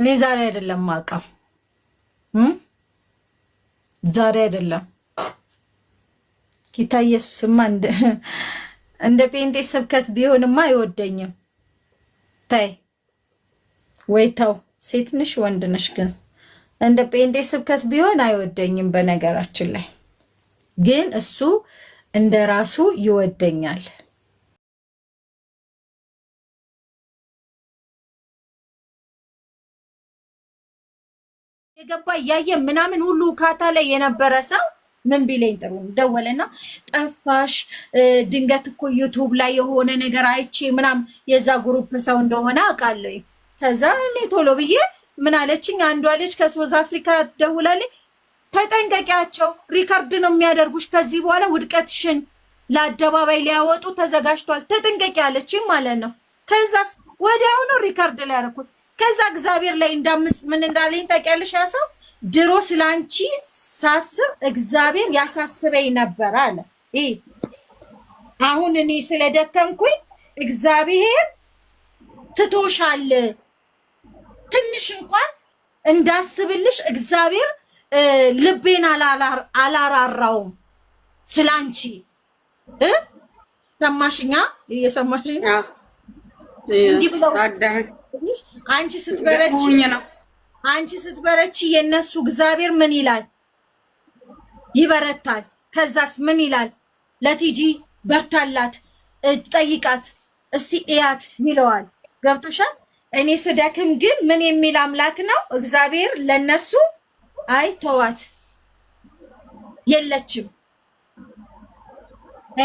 እኔ ዛሬ አይደለም ማውቀው፣ ዛሬ አይደለም ጌታ ኢየሱስማ እንደ ጴንጤ ስብከት ቢሆንማ አይወደኝም። ታይ ወይ ተው፣ ሴት ነሽ ወንድ ነሽ፣ ግን እንደ ጴንጤ ስብከት ቢሆን አይወደኝም። በነገራችን ላይ ግን እሱ እንደ ራሱ ይወደኛል። የገባ እያየ ምናምን ሁሉ ካታ ላይ የነበረ ሰው ምን ቢለኝ ጥሩ ደወለና ጠፋሽ፣ ድንገት እኮ ዩቱብ ላይ የሆነ ነገር አይቼ ምናምን የዛ ግሩፕ ሰው እንደሆነ አውቃለሁ። ከዛ እኔ ቶሎ ብዬ ምን አለችኝ፣ አንዷ ልጅ ከሶዝ አፍሪካ ደውላለች፣ ተጠንቀቂያቸው፣ ሪከርድ ነው የሚያደርጉሽ፣ ከዚህ በኋላ ውድቀትሽን ለአደባባይ ሊያወጡ ተዘጋጅቷል፣ ተጠንቀቂ አለችኝ ማለት ነው። ከዛስ ወዲያውኑ ሪከርድ ላይ ያደረኩት ከዛ እግዚአብሔር ላይ እንዳምስ ምን እንዳለኝ ታውቂያለሽ? ያ ሰው ድሮ ስላንቺ ሳስብ እግዚአብሔር ያሳስበኝ ነበር አለ። አሁን እኔ ስለደከምኩኝ እግዚአብሔር ትቶሻል፣ ትንሽ እንኳን እንዳስብልሽ እግዚአብሔር ልቤን አላራራውም ስላንቺ። ሰማሽኛ? እየሰማሽኝ እንዲህ ብለው አንቺ ስትበረቺ አንቺ ስትበረቺ የነሱ እግዚአብሔር ምን ይላል? ይበረታል። ከዛስ ምን ይላል? ለቲጂ በርታላት፣ ጠይቃት፣ እስቲ እያት ይለዋል። ገብቶሻል? እኔ ስደክም ግን ምን የሚል አምላክ ነው እግዚአብሔር? ለነሱ አይ ተዋት የለችም።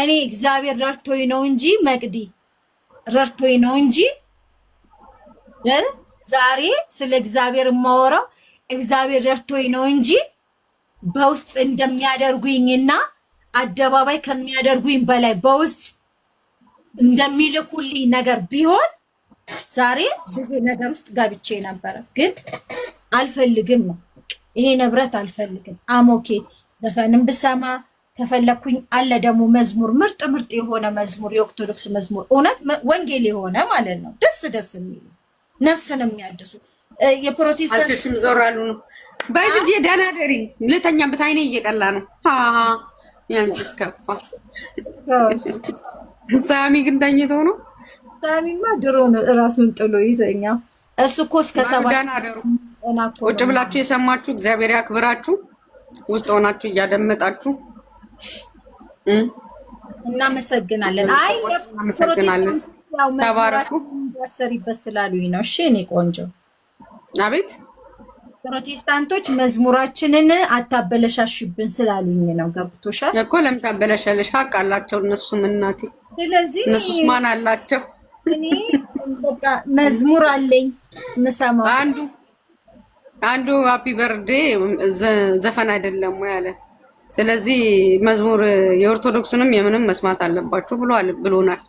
እኔ እግዚአብሔር ረድቶኝ ነው እንጂ መቅዲ ረድቶኝ ነው እንጂ ዛሬ ስለ እግዚአብሔር የማወራው እግዚአብሔር ረድቶኝ ነው እንጂ በውስጥ እንደሚያደርጉኝና አደባባይ ከሚያደርጉኝ በላይ በውስጥ እንደሚልኩልኝ ነገር ቢሆን ዛሬ ብዙ ነገር ውስጥ ጋብቼ ነበረ። ግን አልፈልግም ነው ይሄ ንብረት አልፈልግም። አሞኬ ዘፈንም ብሰማ ከፈለኩኝ አለ ደግሞ መዝሙር ምርጥ ምርጥ የሆነ መዝሙር የኦርቶዶክስ መዝሙር እውነት ወንጌል የሆነ ማለት ነው ደስ ደስ የሚል ነፍስ ነው የሚያድሱ የፕሮቴስታንት ዞር አሉ ነው በዚህ ደህና ደሪ ልተኛበት። አይኔ እየቀላ ነው። ያንቺ ስከፋ ሳሚ ግን ተኝቶ ነው። ሳሚማ ድሮ ነው እራሱን ጥሎ ይተኛ። እሱ እኮ እስከ ሰባት ቁጭ ብላችሁ የሰማችሁ እግዚአብሔር ያክብራችሁ። ውስጥ ሆናችሁ እያደመጣችሁ እናመሰግናለን። አይ እናመሰግናለን። ተባረኩ። መሰሪበት ስላሉኝ ነው። እሺ እኔ ቆንጆ አቤት ፕሮቴስታንቶች መዝሙራችንን አታበለሻሽብን ስላሉኝ ነው። ገብቶሻል እኮ ለምን ታበለሻለሽ? ሀቅ አላቸው እነሱም እናቴ። ስለዚህ እነሱስ ማን አላቸው? እኔ መዝሙር አለኝ ምሰማው። አንዱ አንዱ ሀፒ በርዴ ዘፈን አይደለም ያለ ስለዚህ መዝሙር የኦርቶዶክስንም የምንም መስማት አለባችሁ ብሎናል።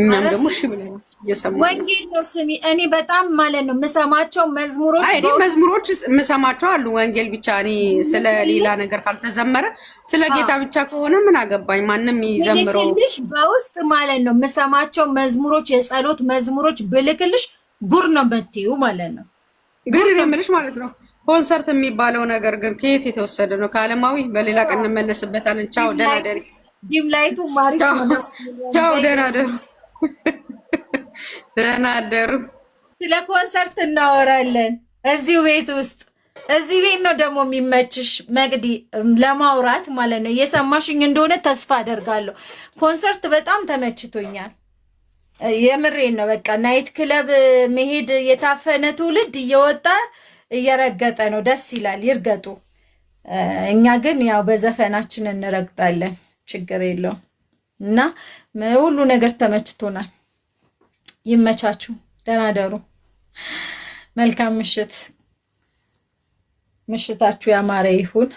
እኛም ደግሞ እሺ ወንጌል ነው ስሚ። እኔ በጣም ማለት ነው የምሰማቸው መዝሙሮች አይ መዝሙሮች የምሰማቸው አሉ። ወንጌል ብቻ እኔ ስለ ሌላ ነገር ካልተዘመረ ስለ ጌታ ብቻ ከሆነ ምን አገባኝ? ማንም ይዘምረው። በውስጥ ማለት ነው የምሰማቸው መዝሙሮች፣ የጸሎት መዝሙሮች ብልክልሽ ጉር ነው በትዩ ማለት ነው የምልሽ ማለት ነው። ኮንሰርት የሚባለው ነገር ግን ከየት የተወሰደ ነው? በሌላ ቀን እንመለስበታለን። ቻው፣ ደህና ደሪ። ዲም ላይቱ ነው። ቻው፣ ደህና ደሪ። ደህና አደሩ። ስለ ኮንሰርት እናወራለን እዚሁ ቤት ውስጥ እዚህ ቤት ነው ደግሞ የሚመችሽ መግዲ ለማውራት ማለት ነው። እየሰማሽኝ እንደሆነ ተስፋ አደርጋለሁ። ኮንሰርት በጣም ተመችቶኛል። የምሬን ነው። በቃ ናይት ክለብ መሄድ የታፈነ ትውልድ እየወጣ እየረገጠ ነው። ደስ ይላል። ይርገጡ። እኛ ግን ያው በዘፈናችን እንረግጣለን። ችግር የለውም። እና ሁሉ ነገር ተመችቶናል። ይመቻችሁ። ደህና ደሩ። መልካም ምሽት። ምሽታችሁ ያማረ ይሁን።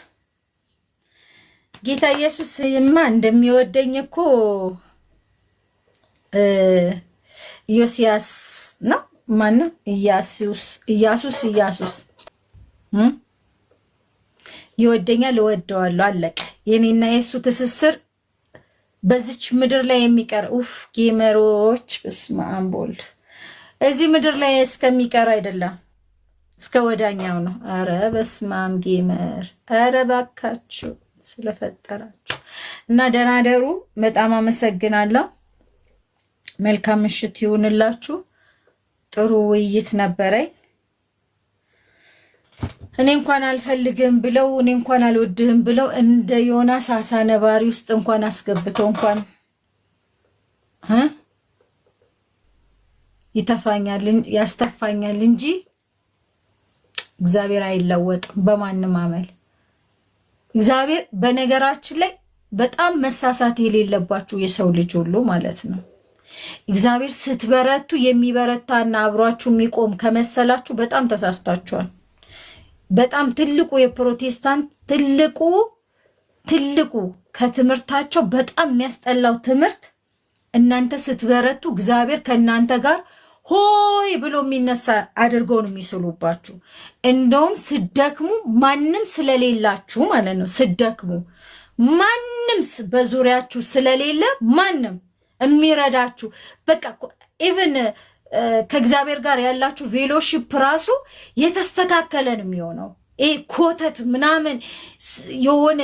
ጌታ ኢየሱስ ኢየሱስማ እንደሚወደኝ እኮ ኢዮስያስ ነው ማን ነው? ኢያሱስ ኢያሱስ ኢያሱስ ይወደኛል፣ እወደዋለሁ። አለቀ። የኔና የሱ ትስስር በዚች ምድር ላይ የሚቀር ኡፍ ጌመሮች በስመ አብ ወልድ እዚህ ምድር ላይ እስከሚቀር አይደለም እስከ ወዳኛው ነው። አረ በስመ አብ ጌመር፣ አረ ባካችሁ ስለፈጠራችሁ እና ደህና ደሩ። በጣም አመሰግናለሁ። መልካም ምሽት ይሁንላችሁ። ጥሩ ውይይት ነበረኝ። እኔ እንኳን አልፈልግም ብለው እኔ እንኳን አልወድህም ብለው እንደ ዮናስ አሳ ነባሪ ውስጥ እንኳን አስገብተው እንኳን ይተፋኛል ያስተፋኛል እንጂ እግዚአብሔር አይለወጥም በማንም አመል። እግዚአብሔር በነገራችን ላይ በጣም መሳሳት የሌለባችሁ የሰው ልጅ ሁሉ ማለት ነው። እግዚአብሔር ስትበረቱ የሚበረታና አብሯችሁ የሚቆም ከመሰላችሁ በጣም ተሳስታችኋል። በጣም ትልቁ የፕሮቴስታንት ትልቁ ትልቁ ከትምህርታቸው በጣም የሚያስጠላው ትምህርት እናንተ ስትበረቱ እግዚአብሔር ከእናንተ ጋር ሆይ ብሎ የሚነሳ አድርገው ነው የሚስሉባችሁ። እንደውም ስደክሙ ማንም ስለሌላችሁ ማለት ነው። ስደክሙ ማንም በዙሪያችሁ ስለሌለ ማንም የሚረዳችሁ በቃ ኢቨን ከእግዚአብሔር ጋር ያላችሁ ቬሎሺፕ ራሱ የተስተካከለ ነው የሚሆነው። ኮተት ምናምን የሆነ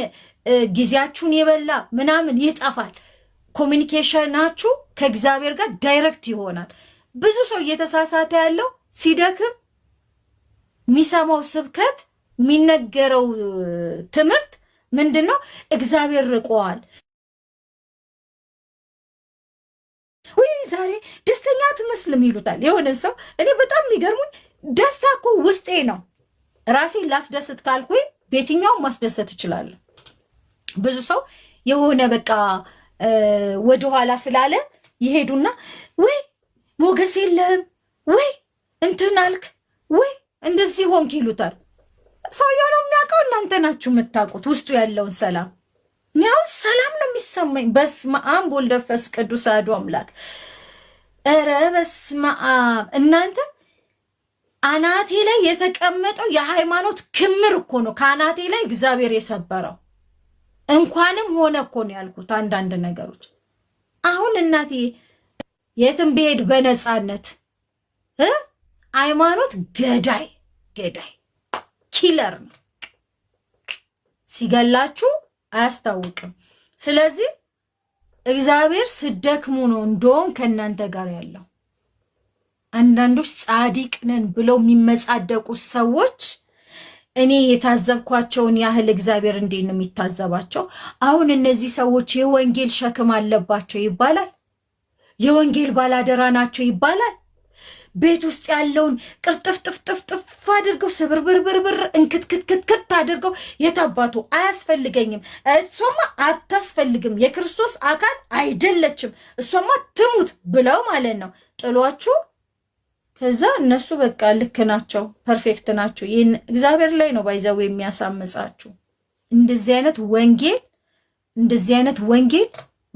ጊዜያችሁን የበላ ምናምን ይጠፋል። ኮሚኒኬሽናችሁ ከእግዚአብሔር ጋር ዳይሬክት ይሆናል። ብዙ ሰው እየተሳሳተ ያለው ሲደክም የሚሰማው ስብከት የሚነገረው ትምህርት ምንድን ነው? እግዚአብሔር ርቆዋል ወይ ዛሬ ደስተኛ አትመስልም ይሉታል። የሆነን ሰው እኔ በጣም የሚገርሙኝ ደስታ እኮ ውስጤ ነው። ራሴን ላስደስት ካልኩኝ በየትኛውም ማስደሰት እችላለሁ። ብዙ ሰው የሆነ በቃ ወደኋላ ስላለ ይሄዱና ወይ ሞገስ የለህም ወይ እንትን አልክ ወይ እንደዚህ ሆንክ ይሉታል። ሰውየው ነው የሚያውቀው። እናንተ ናችሁ የምታውቁት ውስጡ ያለውን ሰላም ያው ሰላም ነው የሚሰማኝ። በስመ አብ ወወልድ ወመንፈስ ቅዱስ አሐዱ አምላክ። ኧረ በስመ አብ እናንተ አናቴ ላይ የተቀመጠው የሃይማኖት ክምር እኮ ነው ከአናቴ ላይ እግዚአብሔር የሰበረው። እንኳንም ሆነ እኮ ነው ያልኩት። አንዳንድ ነገሮች አሁን እናቴ የትም ብሄድ በነፃነት ሃይማኖት ገዳይ ገዳይ ኪለር ነው ሲገላችሁ አያስታውቅም። ስለዚህ እግዚአብሔር ስደክሙ ነው እንደውም ከእናንተ ጋር ያለው። አንዳንዶች ጻድቅ ነን ብለው የሚመጻደቁ ሰዎች እኔ የታዘብኳቸውን ያህል እግዚአብሔር እንዴት ነው የሚታዘባቸው? አሁን እነዚህ ሰዎች የወንጌል ሸክም አለባቸው ይባላል። የወንጌል ባላደራ ናቸው ይባላል። ቤት ውስጥ ያለውን ቅርጥፍጥፍጥፍጥፍ አድርገው ስብርብርብርብር እንክትክትክትክት አድርገው የታባቱ አያስፈልገኝም፣ እሷማ አታስፈልግም፣ የክርስቶስ አካል አይደለችም፣ እሷማ ትሙት ብለው ማለት ነው ጥሏችሁ ከዛ እነሱ በቃ ልክ ናቸው፣ ፐርፌክት ናቸው። ይህን እግዚአብሔር ላይ ነው ባይዘው የሚያሳምጻችሁ። እንደዚህ አይነት ወንጌል እንደዚህ አይነት ወንጌል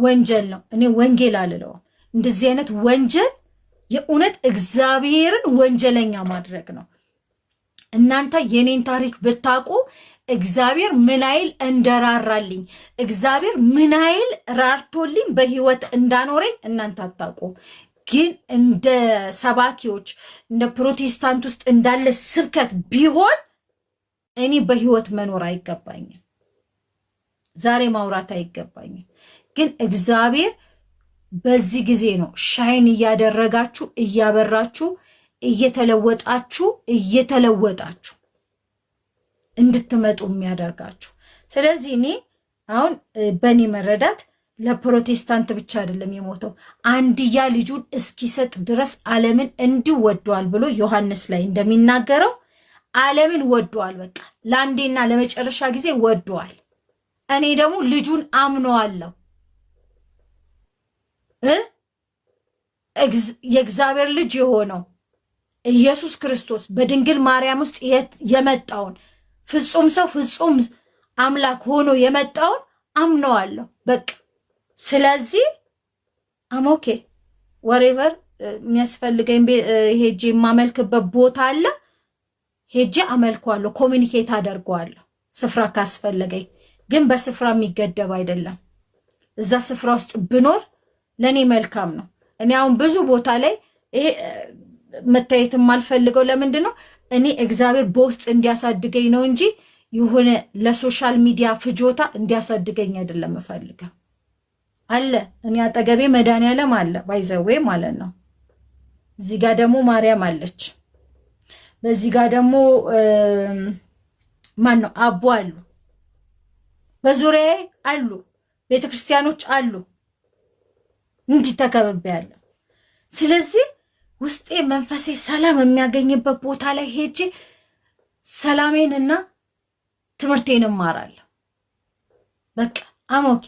ወንጀል ነው። እኔ ወንጌል አልለውም። እንደዚህ አይነት ወንጀል የእውነት እግዚአብሔርን ወንጀለኛ ማድረግ ነው። እናንተ የኔን ታሪክ ብታውቁ እግዚአብሔር ምን ያህል እንደራራልኝ እግዚአብሔር ምን ያህል ራርቶልኝ በህይወት እንዳኖረኝ እናንተ አታውቁ። ግን እንደ ሰባኪዎች እንደ ፕሮቴስታንት ውስጥ እንዳለ ስብከት ቢሆን እኔ በህይወት መኖር አይገባኝም። ዛሬ ማውራት አይገባኝም። ግን እግዚአብሔር በዚህ ጊዜ ነው ሻይን እያደረጋችሁ እያበራችሁ እየተለወጣችሁ እየተለወጣችሁ እንድትመጡ የሚያደርጋችሁ። ስለዚህ እኔ አሁን በእኔ መረዳት ለፕሮቴስታንት ብቻ አይደለም የሞተው አንድያ ልጁን እስኪሰጥ ድረስ ዓለምን እንዲህ ወዷል ብሎ ዮሐንስ ላይ እንደሚናገረው ዓለምን ወዷል። በቃ ለአንዴና ለመጨረሻ ጊዜ ወዷል። እኔ ደግሞ ልጁን አምነዋለሁ። የእግዚአብሔር ልጅ የሆነው ኢየሱስ ክርስቶስ በድንግል ማርያም ውስጥ የመጣውን ፍጹም ሰው ፍጹም አምላክ ሆኖ የመጣውን አምነዋለሁ። በቃ ስለዚህ አሞኬ ወሬቨር የሚያስፈልገኝ ሄጄ የማመልክበት ቦታ አለ። ሄጄ አመልኳለሁ፣ ኮሚኒኬት አደርገዋለሁ። ስፍራ ካስፈለገኝ ግን በስፍራ የሚገደብ አይደለም። እዛ ስፍራ ውስጥ ብኖር ለእኔ መልካም ነው። እኔ አሁን ብዙ ቦታ ላይ ይሄ መታየት የማልፈልገው ለምንድን ነው? እኔ እግዚአብሔር በውስጥ እንዲያሳድገኝ ነው እንጂ የሆነ ለሶሻል ሚዲያ ፍጆታ እንዲያሳድገኝ አይደለም የምፈልገው አለ እኔ አጠገቤ መድኃኒዓለም አለ ባይዘዌ ማለት ነው። እዚህ ጋር ደግሞ ማርያም አለች። በዚህ ጋር ደግሞ ማን ነው አቦ አሉ፣ በዙሪያዬ አሉ፣ ቤተክርስቲያኖች አሉ። እንዲህ ተከብቤ ያለው። ስለዚህ ውስጤ መንፈሴ ሰላም የሚያገኝበት ቦታ ላይ ሄጄ ሰላሜንና ትምህርቴን እማራለሁ። በቃ አሞኬ።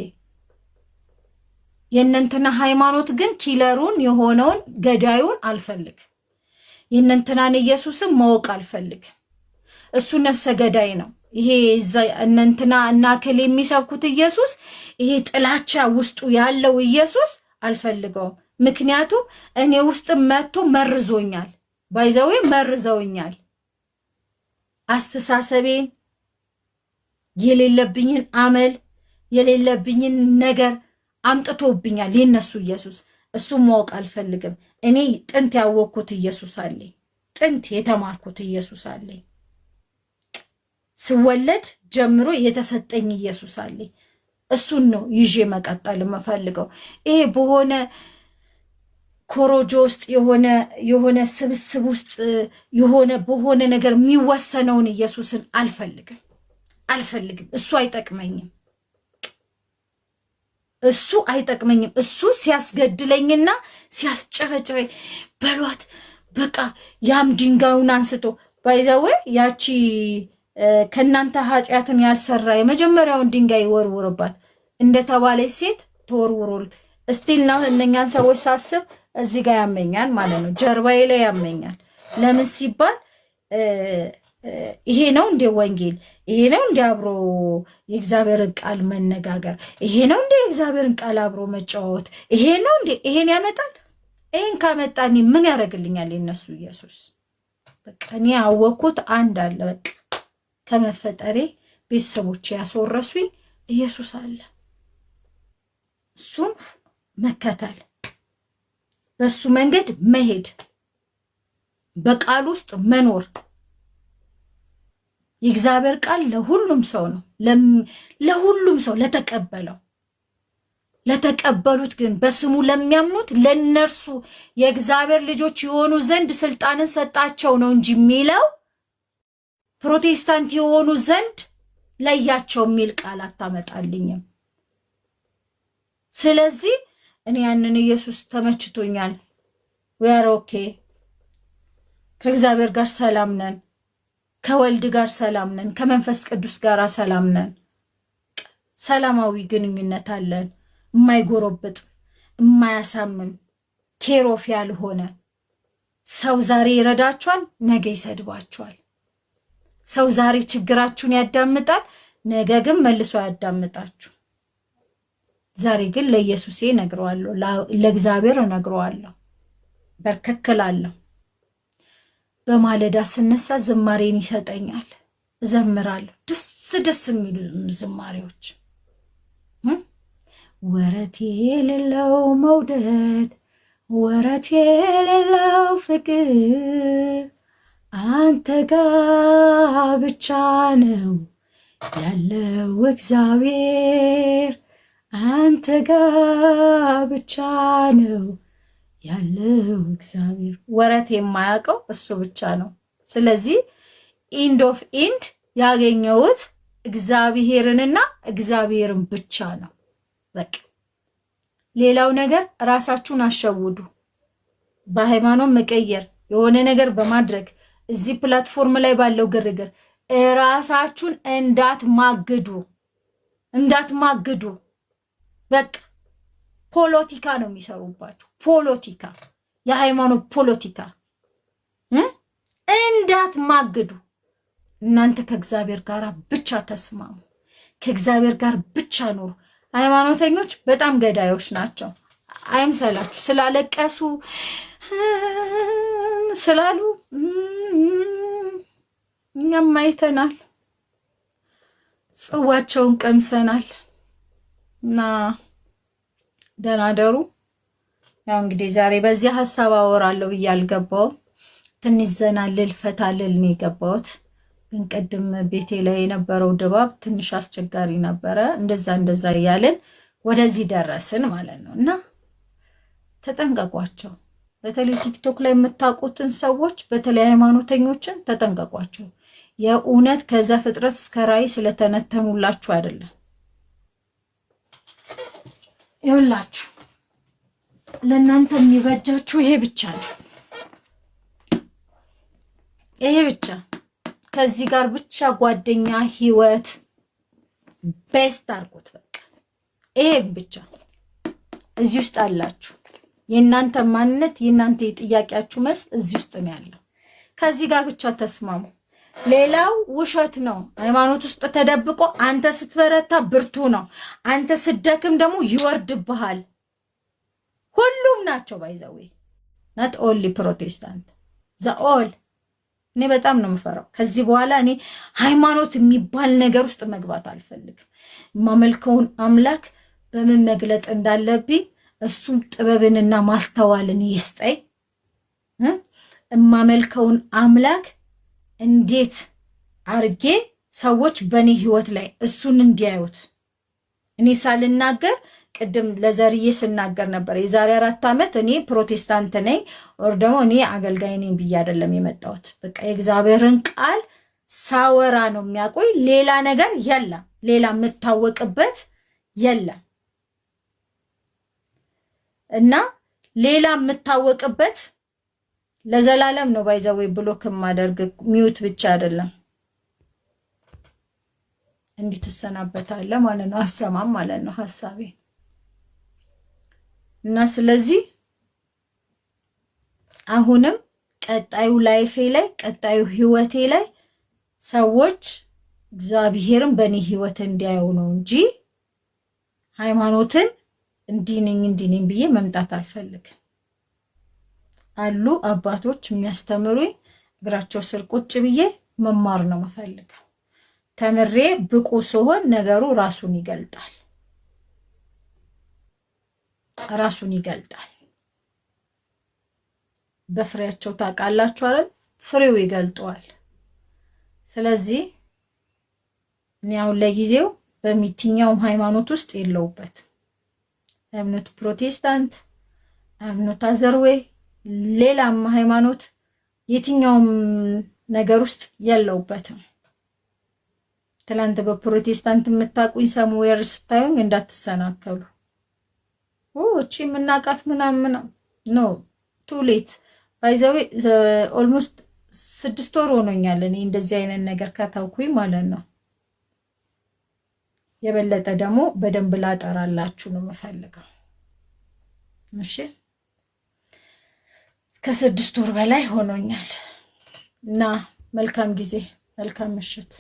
የእነንትና ሃይማኖት ግን ኪለሩን የሆነውን ገዳዩን አልፈልግ። የእነንትናን ኢየሱስም ማወቅ አልፈልግ። እሱ ነፍሰ ገዳይ ነው። ይሄ እነንትና እና ክል የሚሰብኩት ኢየሱስ ይሄ ጥላቻ ውስጡ ያለው ኢየሱስ አልፈልገውም። ምክንያቱም እኔ ውስጥ መጥቶ መርዞኛል፣ ባይዘዌ መርዘውኛል። አስተሳሰቤን የሌለብኝን አመል የሌለብኝን ነገር አምጥቶብኛል የነሱ ኢየሱስ። እሱ ማወቅ አልፈልግም። እኔ ጥንት ያወቅኩት ኢየሱስ አለኝ፣ ጥንት የተማርኩት ኢየሱስ አለኝ፣ ስወለድ ጀምሮ የተሰጠኝ ኢየሱስ አለኝ። እሱን ነው ይዤ መቀጠል የምፈልገው። ይሄ በሆነ ኮሮጆ ውስጥ የሆነ የሆነ ስብስብ ውስጥ የሆነ በሆነ ነገር የሚወሰነውን ኢየሱስን አልፈልግም አልፈልግም። እሱ አይጠቅመኝም እሱ አይጠቅመኝም። እሱ ሲያስገድለኝና ሲያስጨረጭረኝ በሏት በቃ ያም ድንጋዩን አንስቶ ባይዘዌ ያቺ ከእናንተ ኃጢአትን ያልሰራ የመጀመሪያውን ድንጋይ ይወርውርባት እንደተባለች ሴት ተወርውሮል። እስቲል ነው እነኛን ሰዎች ሳስብ እዚህ ጋር ያመኛል ማለት ነው፣ ጀርባዬ ላይ ያመኛል። ለምን ሲባል ይሄ ነው እንደ ወንጌል፣ ይሄ ነው እንደ አብሮ የእግዚአብሔርን ቃል መነጋገር፣ ይሄ ነው እንደ የእግዚአብሔርን ቃል አብሮ መጫወት፣ ይሄ ነው እንዴ? ይሄን ያመጣል። ይህን ካመጣኒ ምን ያደርግልኛል? የነሱ ኢየሱስ በቃ እኔ አወቅኩት አንድ አለ በቃ ከመፈጠሬ ቤተሰቦች ያስወረሱኝ ኢየሱስ አለ። እሱም መከተል፣ በሱ መንገድ መሄድ፣ በቃል ውስጥ መኖር። የእግዚአብሔር ቃል ለሁሉም ሰው ነው። ለሁሉም ሰው ለተቀበለው ለተቀበሉት ግን በስሙ ለሚያምኑት ለነርሱ የእግዚአብሔር ልጆች የሆኑ ዘንድ ስልጣንን ሰጣቸው ነው እንጂ የሚለው ፕሮቴስታንት የሆኑ ዘንድ ለያቸው የሚል ቃል አታመጣልኝም። ስለዚህ እኔ ያንን ኢየሱስ ተመችቶኛል። ዌር ኦኬ፣ ከእግዚአብሔር ጋር ሰላም ነን፣ ከወልድ ጋር ሰላም ነን፣ ከመንፈስ ቅዱስ ጋር ሰላም ነን። ሰላማዊ ግንኙነት አለን። የማይጎረብጥ የማያሳምም ኬሮፍ ያልሆነ ሰው ዛሬ ይረዳቸዋል ነገ ይሰድባቸዋል። ሰው ዛሬ ችግራችሁን ያዳምጣል፣ ነገ ግን መልሶ ያዳምጣችሁ። ዛሬ ግን ለኢየሱሴ እነግረዋለሁ፣ ለእግዚአብሔር እነግረዋለሁ፣ በርከክላለሁ። በማለዳ ስነሳ ዝማሬን ይሰጠኛል፣ እዘምራለሁ። ደስ ደስ የሚሉ ዝማሬዎች ወረት የሌለው መውደድ፣ ወረት የሌለው ፍቅር አንተ ጋ ብቻ ነው ያለው እግዚአብሔር፣ አንተ ጋ ብቻ ነው ያለው እግዚአብሔር። ወረት የማያውቀው እሱ ብቻ ነው። ስለዚህ ኢንድ ኦፍ ኢንድ ያገኘሁት እግዚአብሔርንና እግዚአብሔርን ብቻ ነው። በቃ ሌላው ነገር ራሳችሁን አሸውዱ። በሃይማኖት መቀየር የሆነ ነገር በማድረግ እዚህ ፕላትፎርም ላይ ባለው ግርግር እራሳችሁን እንዳትማግዱ እንዳትማግዱ። በቃ ፖለቲካ ነው የሚሰሩባችሁ። ፖለቲካ፣ የሃይማኖት ፖለቲካ እንዳትማግዱ። እናንተ ከእግዚአብሔር ጋር ብቻ ተስማሙ፣ ከእግዚአብሔር ጋር ብቻ ኑሩ። ሃይማኖተኞች በጣም ገዳዮች ናቸው። አይምሰላችሁ ስላለቀሱ ስላሉ እኛም አይተናል፣ ጽዋቸውን ቀምሰናል። እና ደህና ደሩ። ያው እንግዲህ ዛሬ በዚህ ሀሳብ አወራለሁ ብዬ አልገባውም። ትንሽ ዘና ልል ፈታ ልል ነው የገባሁት። ግን ቅድም ቤቴ ላይ የነበረው ድባብ ትንሽ አስቸጋሪ ነበረ። እንደዛ እንደዛ እያልን ወደዚህ ደረስን ማለት ነው እና ተጠንቀቋቸው። በተለይ ቲክቶክ ላይ የምታውቁትን ሰዎች በተለይ ሃይማኖተኞችን ተጠንቀቋቸው። የእውነት ከዛ ፍጥረት እስከ ራእይ ስለተነተኑላችሁ አይደለም። ይኸውላችሁ ለእናንተ የሚበጃችሁ ይሄ ብቻ ነው። ይሄ ብቻ ከዚህ ጋር ብቻ ጓደኛ ህይወት ቤስት አርጎት በቃ ይሄ ብቻ እዚህ ውስጥ አላችሁ። የእናንተ ማንነት የእናንተ የጥያቄያችሁ መልስ እዚህ ውስጥ ነው ያለው። ከዚህ ጋር ብቻ ተስማሙ። ሌላው ውሸት ነው። ሃይማኖት ውስጥ ተደብቆ አንተ ስትበረታ ብርቱ ነው፣ አንተ ስደክም ደግሞ ይወርድብሃል። ሁሉም ናቸው ባይዘዌ ናት ኦንሊ ፕሮቴስታንት ዘኦል እኔ በጣም ነው የምፈራው። ከዚህ በኋላ እኔ ሃይማኖት የሚባል ነገር ውስጥ መግባት አልፈልግም። የማመልከውን አምላክ በምን መግለጥ እንዳለብኝ እሱም ጥበብንና ማስተዋልን ይስጠኝ። የማመልከውን አምላክ እንዴት አርጌ ሰዎች በእኔ ህይወት ላይ እሱን እንዲያዩት እኔ ሳልናገር ቅድም ለዘርዬ ስናገር ነበር። የዛሬ አራት ዓመት እኔ ፕሮቴስታንት ነኝ ወር ደግሞ እኔ አገልጋይ ነኝ ብዬ አይደለም የመጣሁት። በቃ የእግዚአብሔርን ቃል ሳወራ ነው የሚያቆይ። ሌላ ነገር የለም፣ ሌላ የምታወቅበት የለም እና ሌላ የምታወቅበት ለዘላለም ነው ባይዘዌ ብሎክ ማደርግ ሚዩት ብቻ አይደለም። እንዲትሰናበታለ ማለት ነው። አሰማም ማለት ነው ሀሳቤ እና ስለዚህ አሁንም ቀጣዩ ላይፌ ላይ ቀጣዩ ህይወቴ ላይ ሰዎች እግዚአብሔርን በእኔ ህይወት እንዲያዩ ነው እንጂ ሃይማኖትን እንዲህ ነኝ እንዲህ ነኝ ብዬ መምጣት አልፈልግም። አሉ አባቶች የሚያስተምሩኝ እግራቸው ስር ቁጭ ብዬ መማር ነው የምፈልገው። ተምሬ ብቁ ስሆን ነገሩ ራሱን ይገልጣል ራሱን ይገልጣል። በፍሬያቸው ታውቃላችሁ አይደል? ፍሬው ይገልጠዋል። ስለዚህ እኔ አሁን ለጊዜው በሚትኛውም ሃይማኖት ውስጥ የለውበት። እምነቱ ፕሮቴስታንት፣ እምነቱ አዘርዌ ሌላም ሃይማኖት የትኛውም ነገር ውስጥ የለውበትም። ትላንት በፕሮቴስታንት የምታቁኝ ሰሙዌር ስታዩኝ እንዳትሰናከሉ እቺ የምናቃት ምናምን ኖ ቱሌት ባይዘዌ ኦልሞስት ስድስት ወር ሆኖኛል እኔ እንደዚህ አይነት ነገር ከታውኩኝ ማለት ነው። የበለጠ ደግሞ በደንብ ላጠራላችሁ ነው የምፈልገው። እሺ ከስድስት ወር በላይ ሆኖኛል እና መልካም ጊዜ፣ መልካም ምሽት